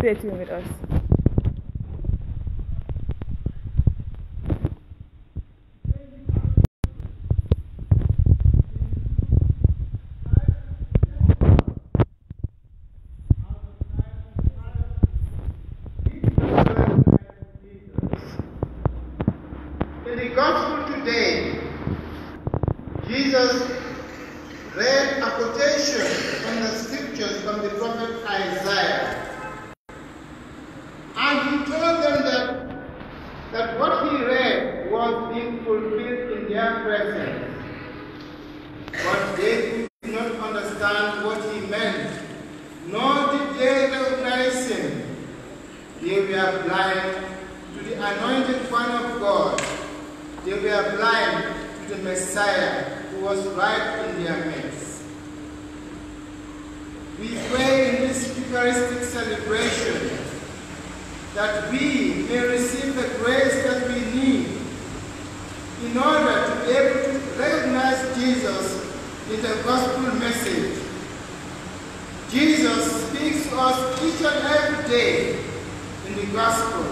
graduating with us. the gospel.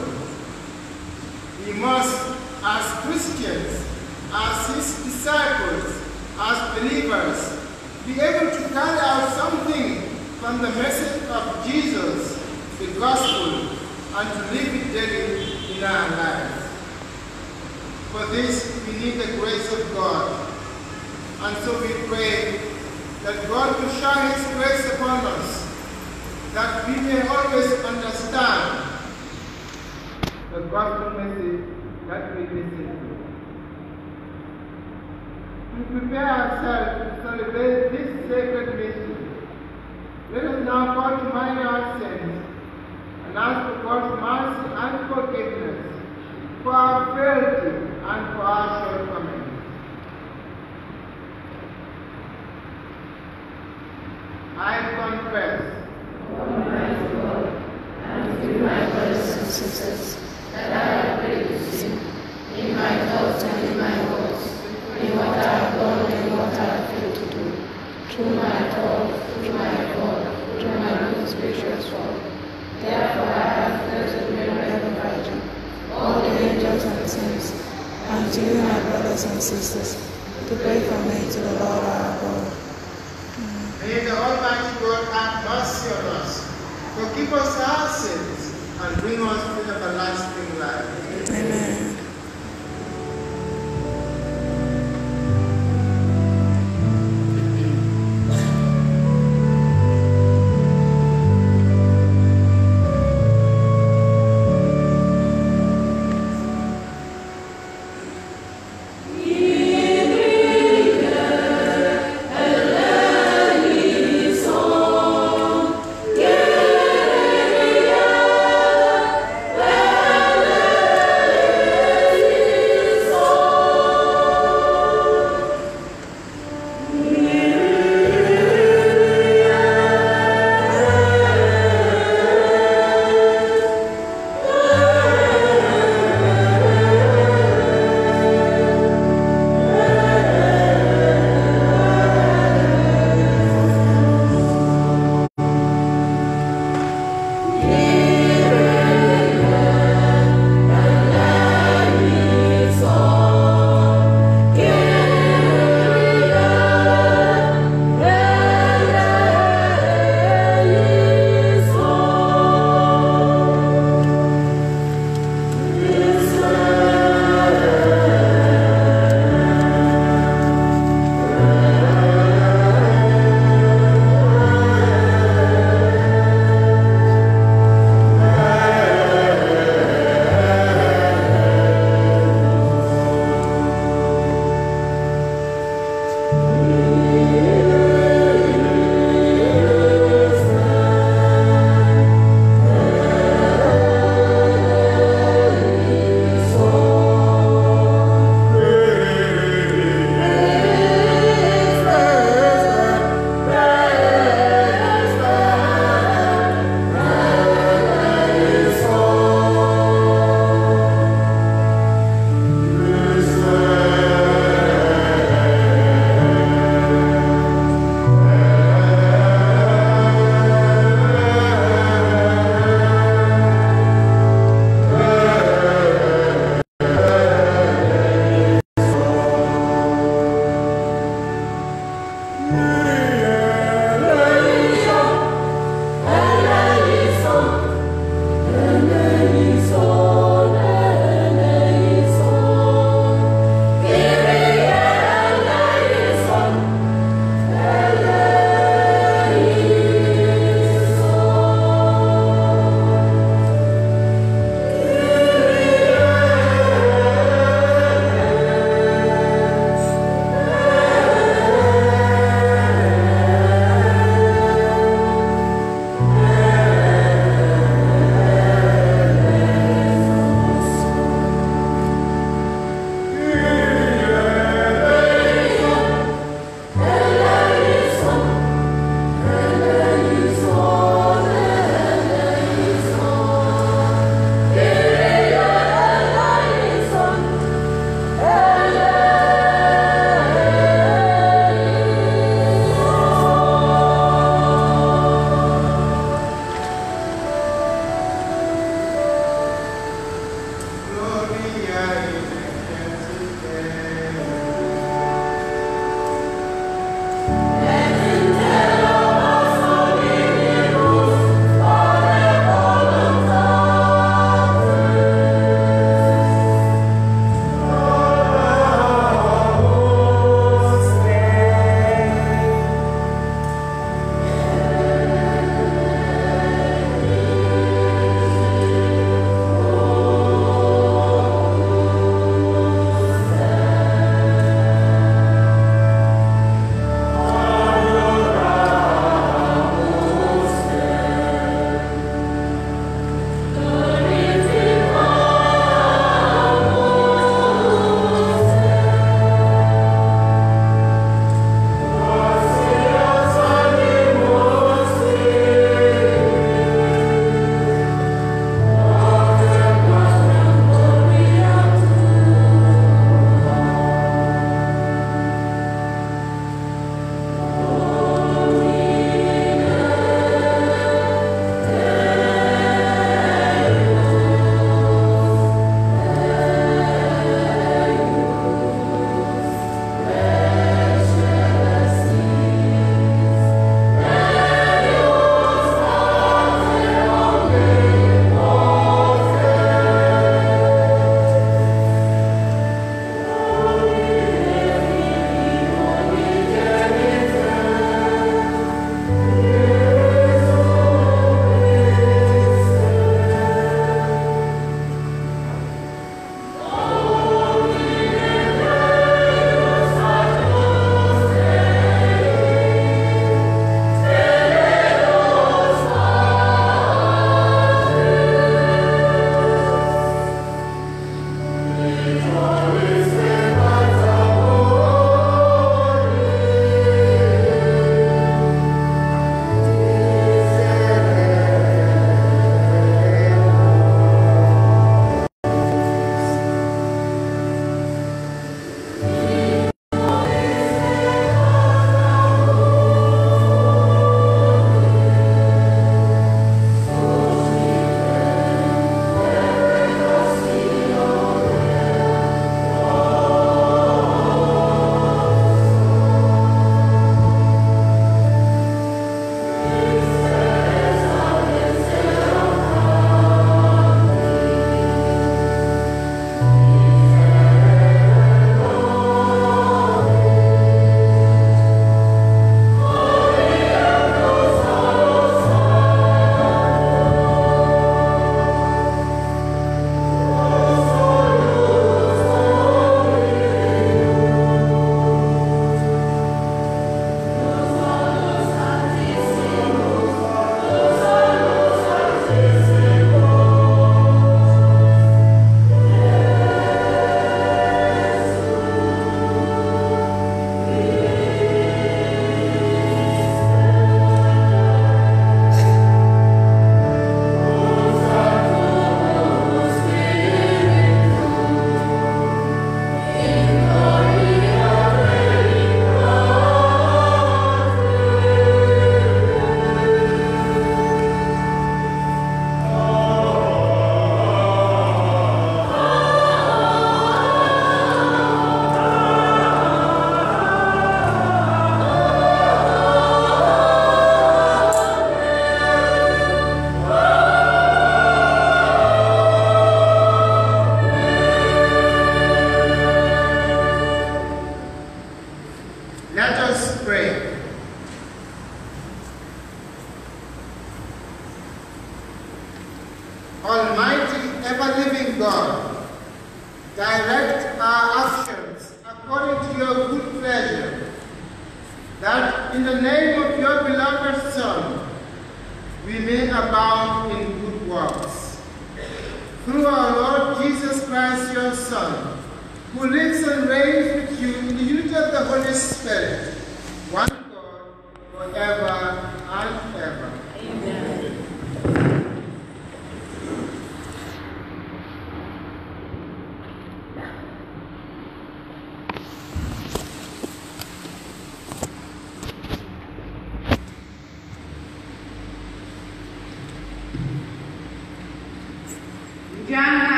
We must, as Christians, as his disciples, as believers, be able to carry out something from the message of Jesus, the gospel, and to live it daily in our lives. For this, we need the grace of God. And so we pray that God will shine his grace upon us, that we may always understand the gospel message that we listen to. To prepare ourselves to celebrate this sacred mystery, let us now call to mind our sins and ask for God's mercy and forgiveness for our frailty and for our shortcomings. I confess. confess and to my brothers and sisters that I in my thoughts and in my words, in what I have done and what I have failed to do, through my thought, through my God, through my most gracious Therefore I all the angels and saints, and you, my brothers and sisters, to pray for me to the Lord our God. May the Almighty God have mercy on us, keep us our sins, and bring us into everlasting life. Amen.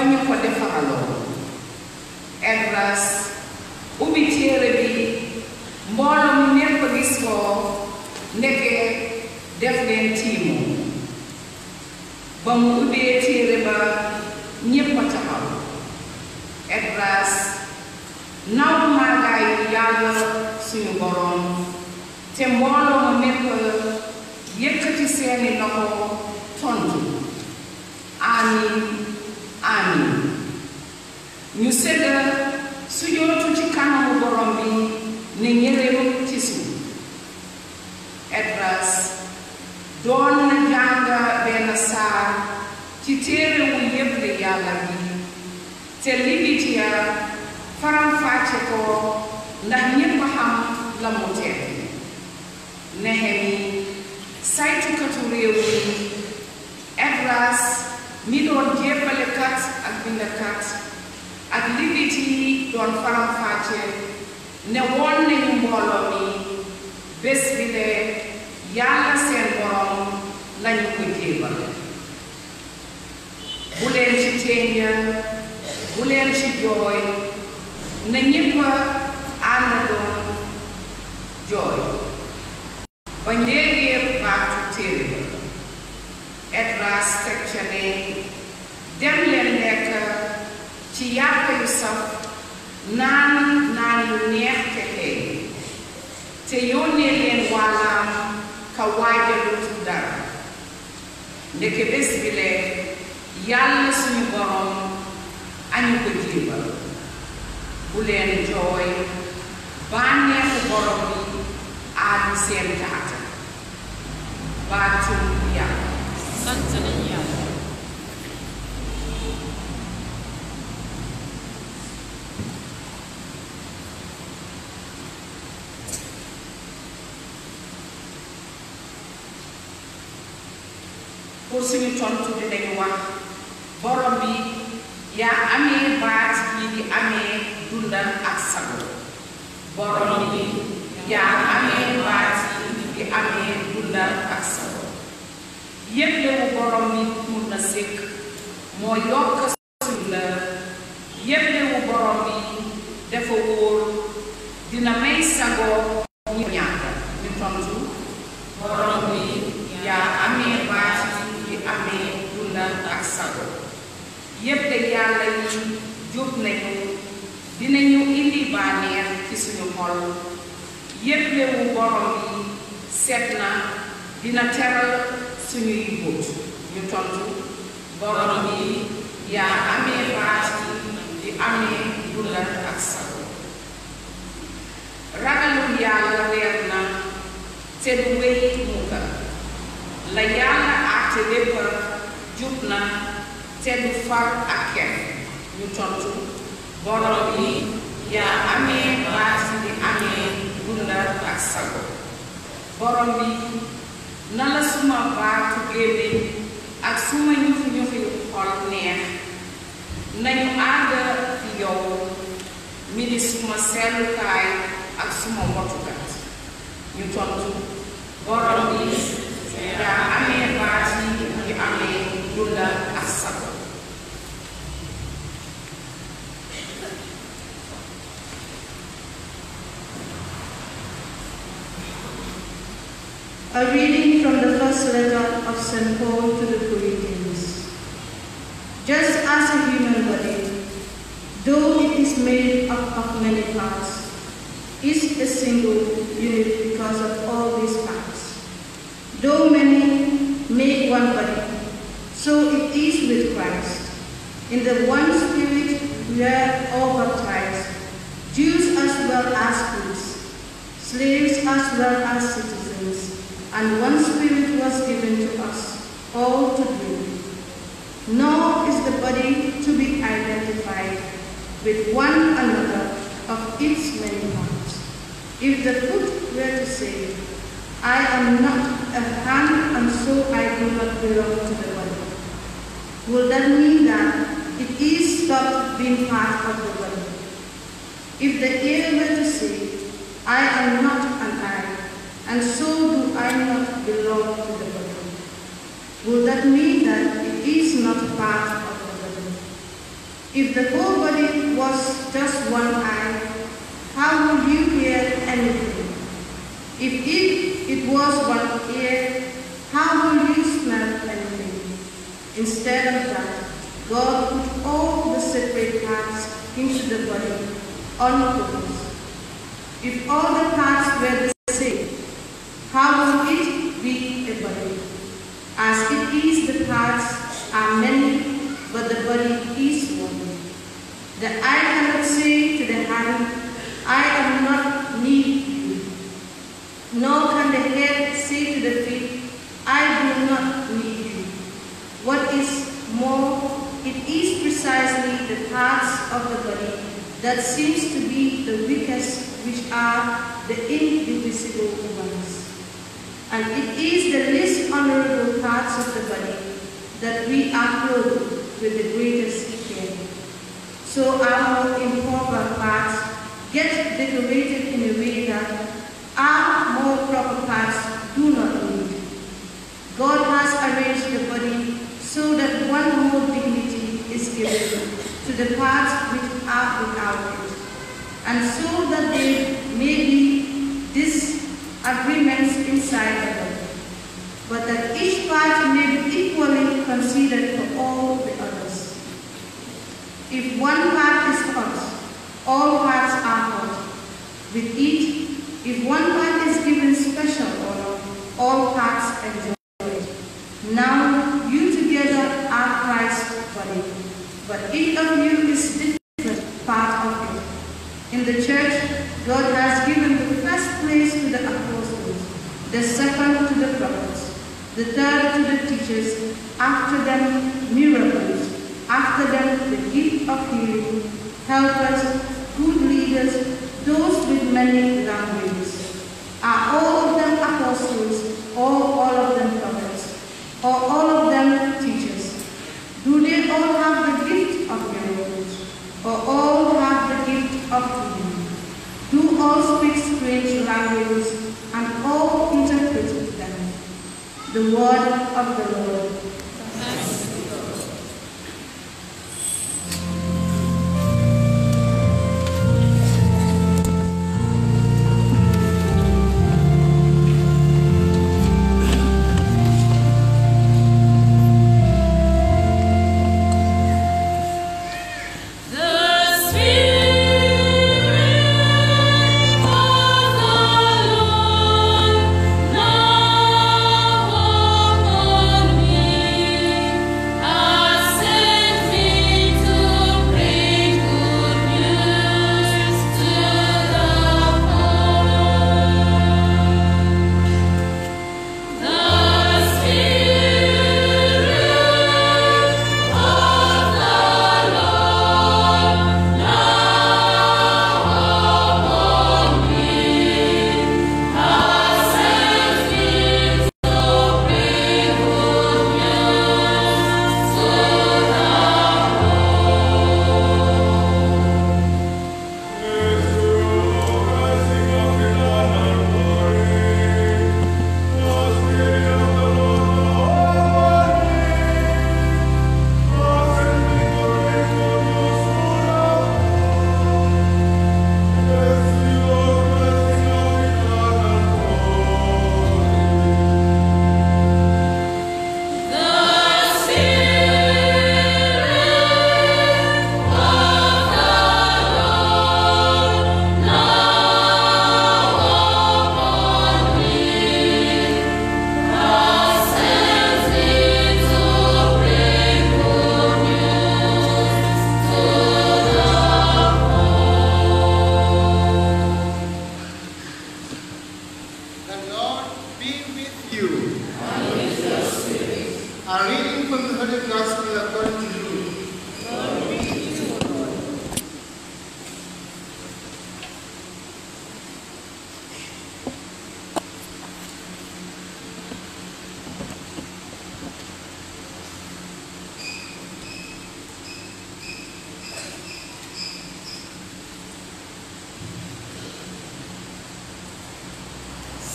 ba ñu ko defaraloo Elhadj ubbi téere bi mbooloo mi nekk gis ko nekkee def leen tiimu ba mu ubbee téere ba ñépp a taxaw Elhadj naw màggaayu yàlla suñu boroom te mbooloo mu nekk yëkkati seeni loxo tontu amin ñu sëgga sujootu ci kanamu borom bi ne ñëreem ci suuf Esdras doon na jàng benn saar ci téerewu yépp li yàlla bi te libit ya faramfàcce ko ndax ñépp xam la mu teg Nehemi saytukatu réew mi Esdras mi doon jébbalekat ak bindakat aktiviti don faram facce ne woon nañu mbooloo mi bés bi ne yàlla seen borom lañu ko jéebal bu leen ci teeña bu leen ci jooy na ñépp àndandoo jooy ba njéegee baatu téere ba Edras teg ca ne dem leen nanan nan neh ke te yo len walam ka waje lutu dara ndeke bes bile yalla suñu borom añu ko jébal bu leen jooy bànneexu borom yi aadu seen taata baatum yàlla sant yàlla pour suñu tontu dinañu wax borom bi yaa amee baat yi ngi amee dundal ak sago borom bi yaa amee baat yi ngi amee dundal ak sago yëplewu borom ñàkk ñu tontu borom bi yaa amee baat amé dunda ak sago yépp de yalla yi jop nañu dinañu indi banéer ci suñu xol yépp wu borom yi seet dina téral suñu bóot ñu tontu borom yi ya amé baat di amé dunda ak sago ragalul yalla weer té du wéy mu la yalla naan teddu far ak kenn ñu tontu borom yi yaa amee baas bi amee gundar ak sago borom bi na la suma baatu gémmiñ ak suma ñufi ñufi xol neex nañu ànd yow mi di suma seetlukaay ak suma motukat ñu tontu borom bi yaa amee baas yi A reading from the first letter of St. Paul to the Corinthians. Just as a human body, though it is made up of many parts, is a single unit because of all these parts. Though many make one body, so it is with Christ. In the one Spirit we are all baptized, Jews as well as Greeks, slaves as well as citizens, and one Spirit was given to us, all to drink. Nor is the body to be identified with one another of its many parts. If the foot were to say, I am not a hand and so I do not belong to the body, will that mean that it is stopped being part of the body. If the ear were to say, I am not an eye, and so do I not belong to the body, will that mean that it is not part of the body? If the whole or notebooks. If all the parts were the same, how would it be a body? As it is, the parts are many, but the body is one. The eye cannot say to the hand, I am not need you. Nor can the head say to the feet, I do not need you. What is more, it is precisely the parts of the body that seems to be the weakest, which are the indivisible ones. And it is the least honorable parts of the body that we are clothed with the greatest care. So our improper parts get decorated in a way that our more proper parts do not need. God has arranged the body so that one more dignity is given to the parts which are without it. And so that there may be disagreements inside the them, but that each part may be equally considered for all the others. If one part is hurt, all parts are hurt. With each, if one part is given special honor, all parts enjoy. the second to the prophets, the third to the teachers, after them miracles, after them the gift of healing, helpers, good leaders, those with many languages. Are all of them apostles, or all of them prophets, or all of them teachers? Do they all have the gift of miracles, or all have the gift of healing? Do all speak strange languages, co-interpret them. The word of the Lord.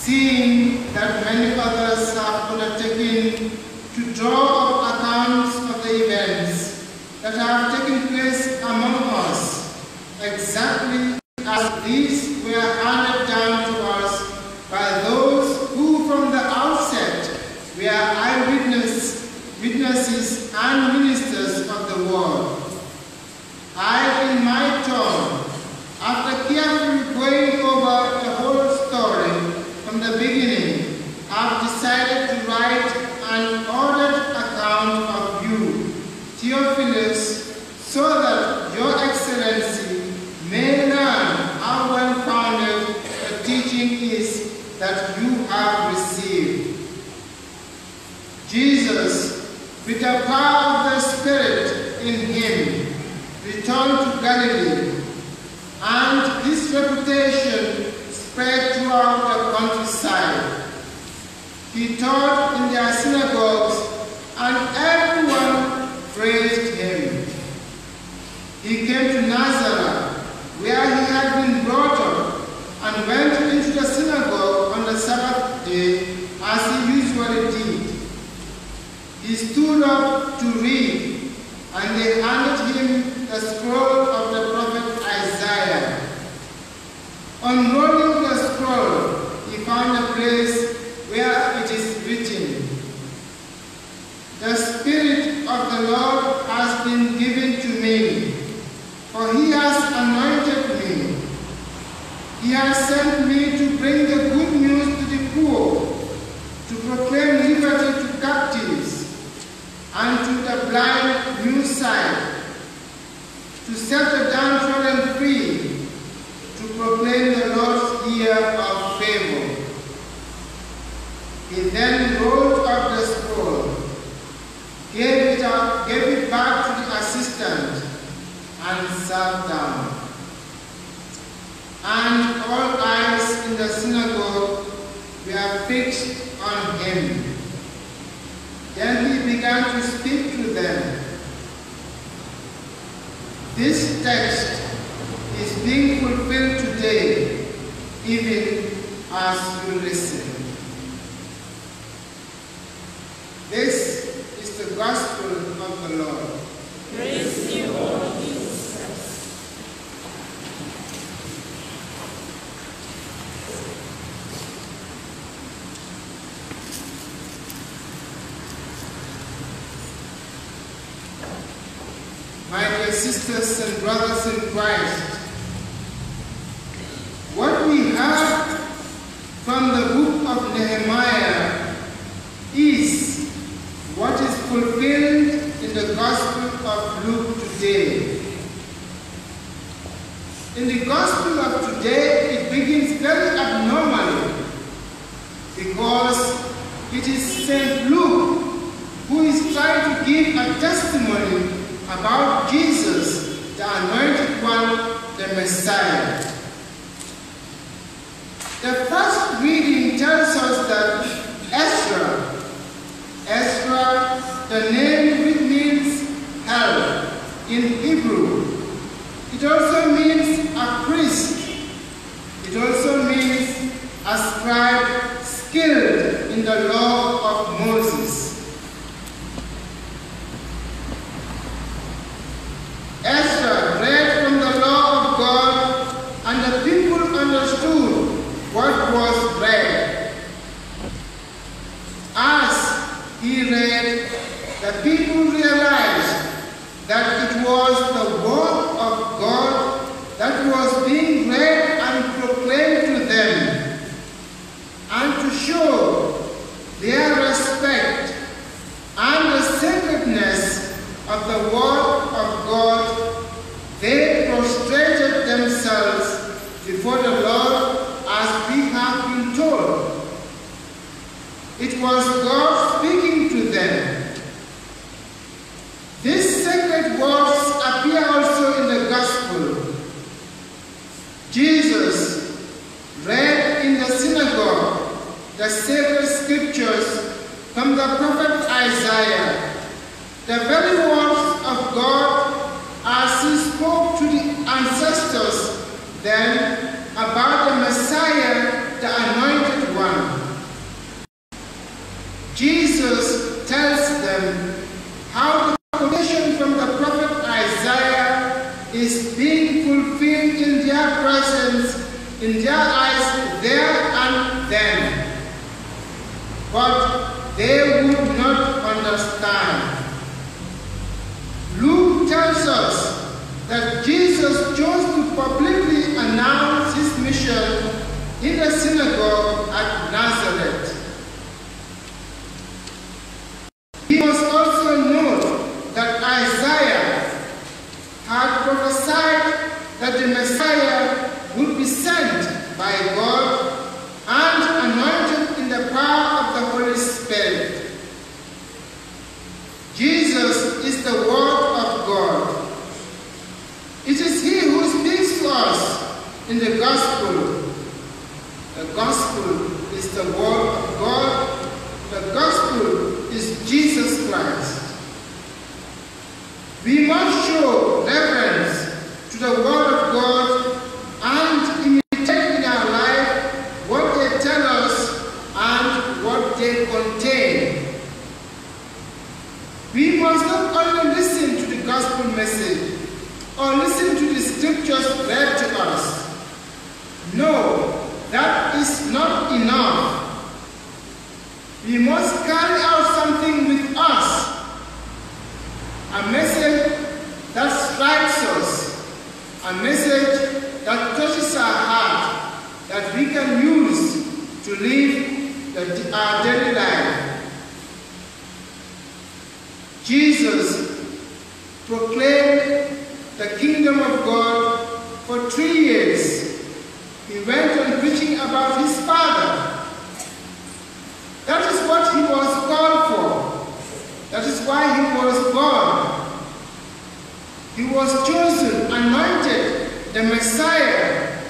seeing that many others have undertaken to draw up accounts of the events that have taken place among us, exactly taught in their synagogues, and everyone praised him. He came to Nazareth, where he had been brought up, and went into the synagogue on the Sabbath day, as he usually did. He stood up to read, and they handed him the scroll the Gospel of Luke today. In the Gospel of today, it begins very abnormally because it is St. Luke who is trying to give a testimony about Jesus, the anointed one, the Messiah. The first reading tells us that Ezra, Ezra, the name in Hebrew. It also means a priest. It also means a scribe skilled in the law was the word of God that was being read and proclaimed to them, and to show their respect and the sacredness of the word of God, they prostrated themselves before the Lord as we have been told. It was God in their eyes there and then. But they would not understand. Luke tells us that Jesus chose to publicly announce his mission in the synagogue at Nazareth. He was by God and anointed in the power of the Holy Spirit. Jesus is the Word of God. It is He who speaks to us in the Gospel. The Gospel is the Word of God. The Gospel is Jesus Christ. We must show reverence to the Word contain. We must not only listen to the gospel message or listen to the scriptures read to us. No, that is not enough. We must carry out something with us, a message that strikes us, a message that touches our heart, that we can use to live our daily life. Jesus proclaimed the kingdom of God for three years. He went on preaching about his Father. That is what he was called for. That is why he was born. He was chosen, anointed, the Messiah.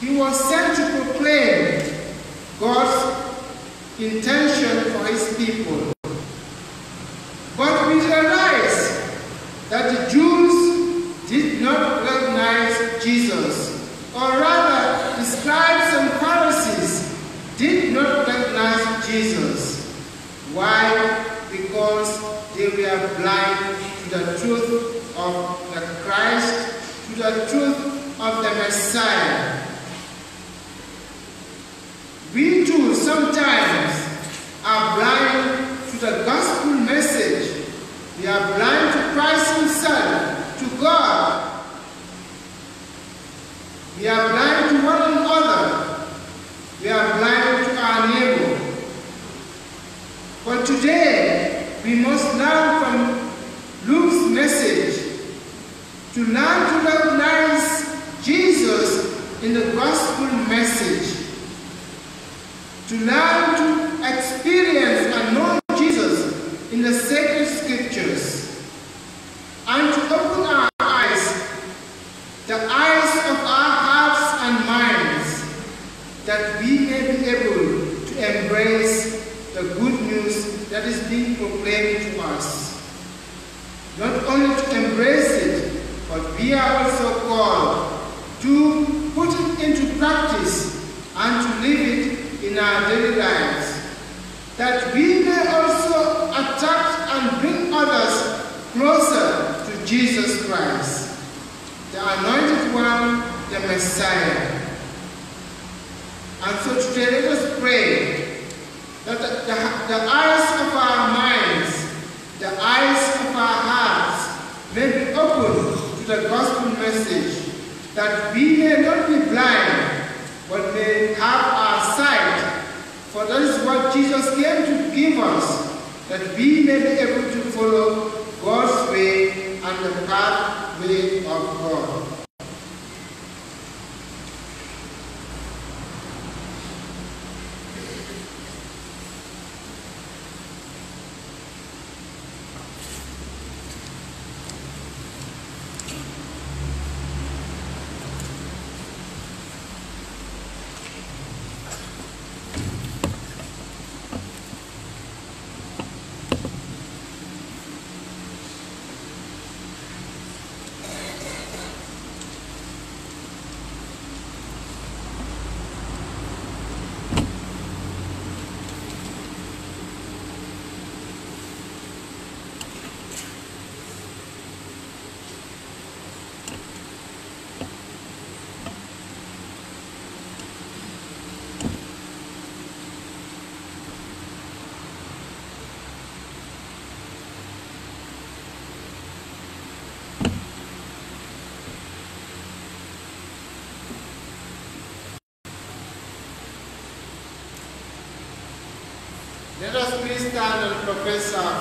He was sent to proclaim God's intention for his people. But we realize that the Jews did not recognize Jesus, or rather, the scribes and Pharisees did not recognize Jesus. Why? Because they were blind to the truth of the Christ, to the truth of the Messiah. sometimes are blind to the gospel message. We are blind to Christ himself, to God. We are blind to one another. We are blind to our neighbor. But today, we must learn from Luke's message to learn to recognize Jesus in the gospel message to learn to experience and know Jesus in the sacred scriptures and to open our eyes, the eyes of our hearts and minds, that we may be able to embrace the good news that is being proclaimed to us. Not only to embrace it, but we are in our daily lives, that we may also attract and bring others closer to Jesus Christ, the Anointed One, the Messiah. And so today let us pray that the, the, the eyes of our minds, the eyes of our hearts may be open to the gospel message, that we may not be blind, but may have Aside, For that is what Jesus came to give us, that we may be able to follow God's way and the pathway of God. criticare la professa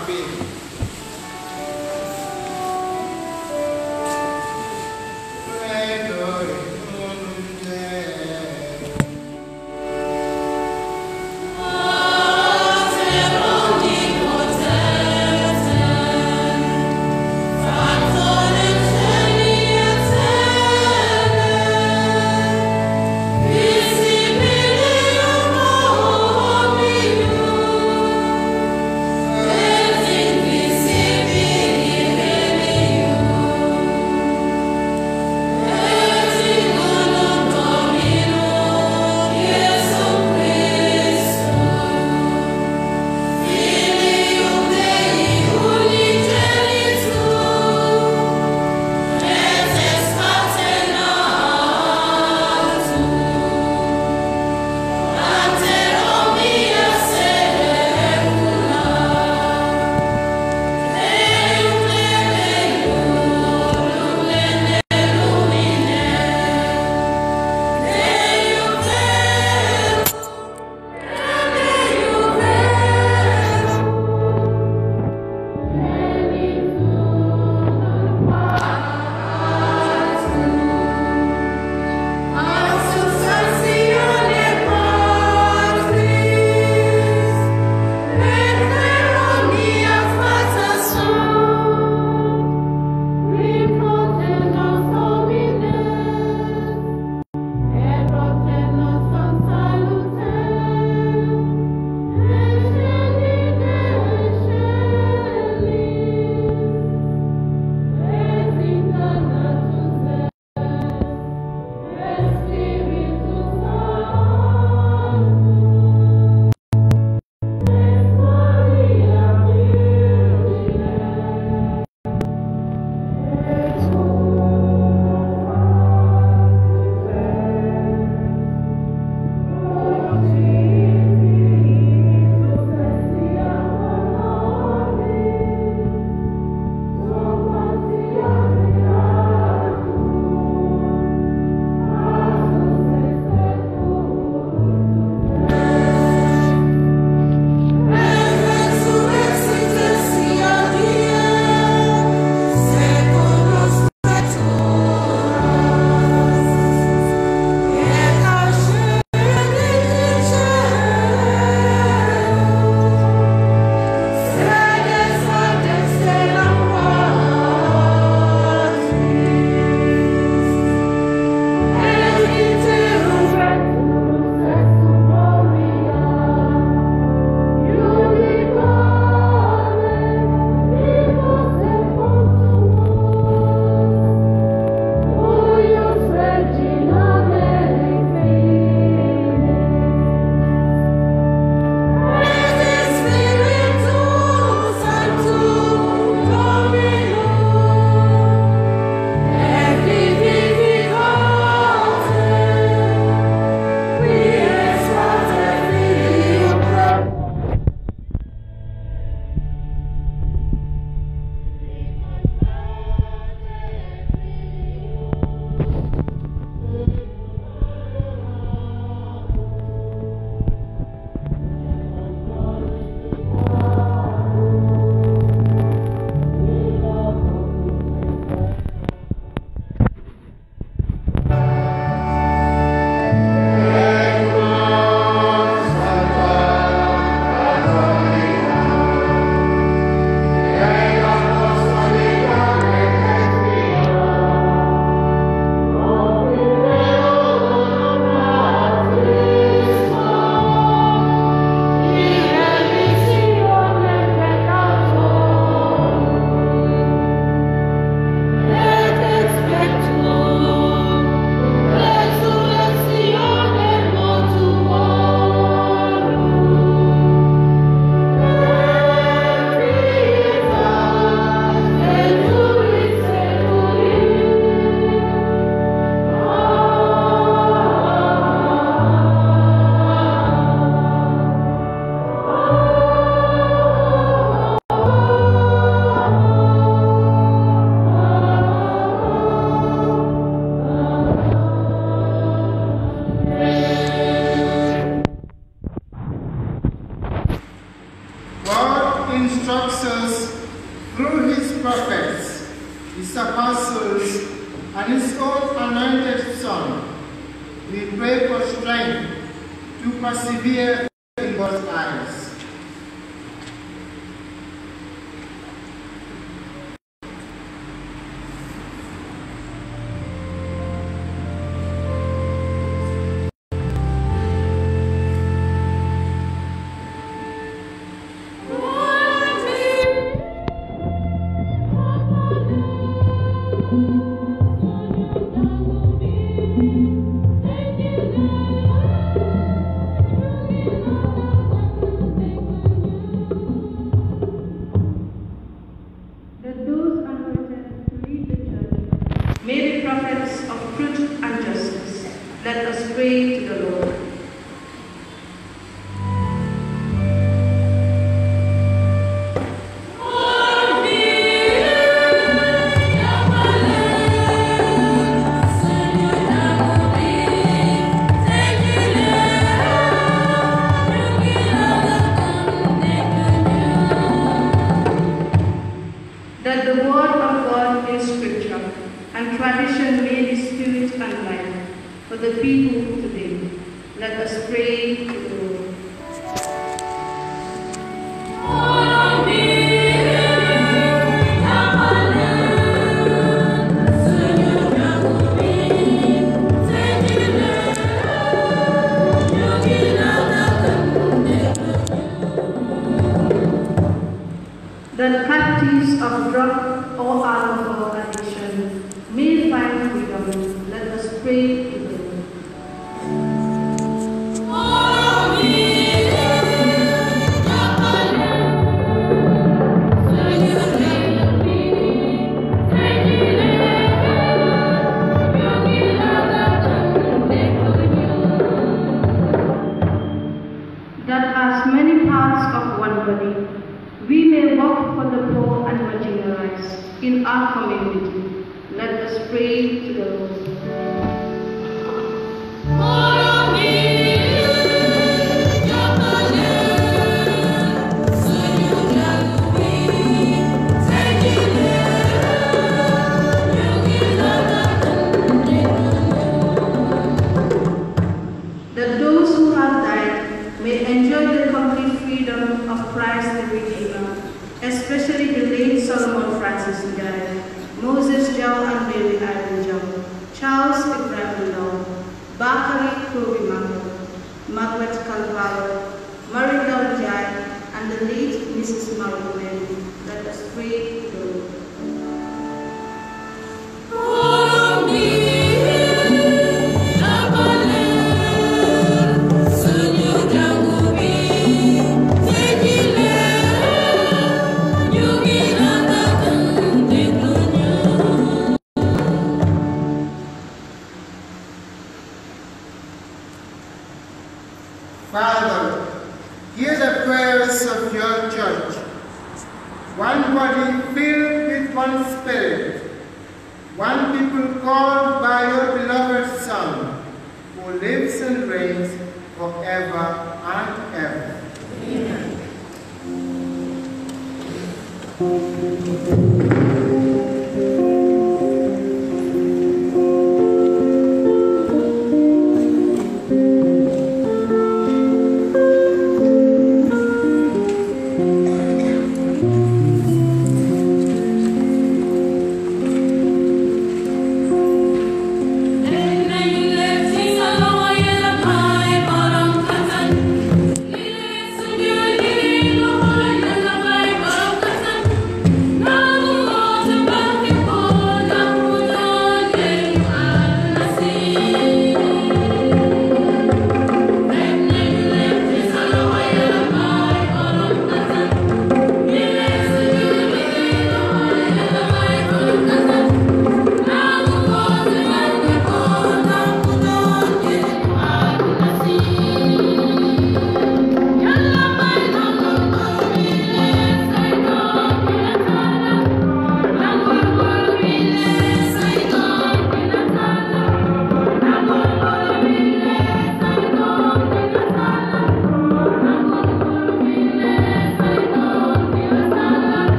lives and reigns forever and ever. Amen.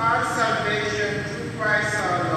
our salvation through Christ our Lord.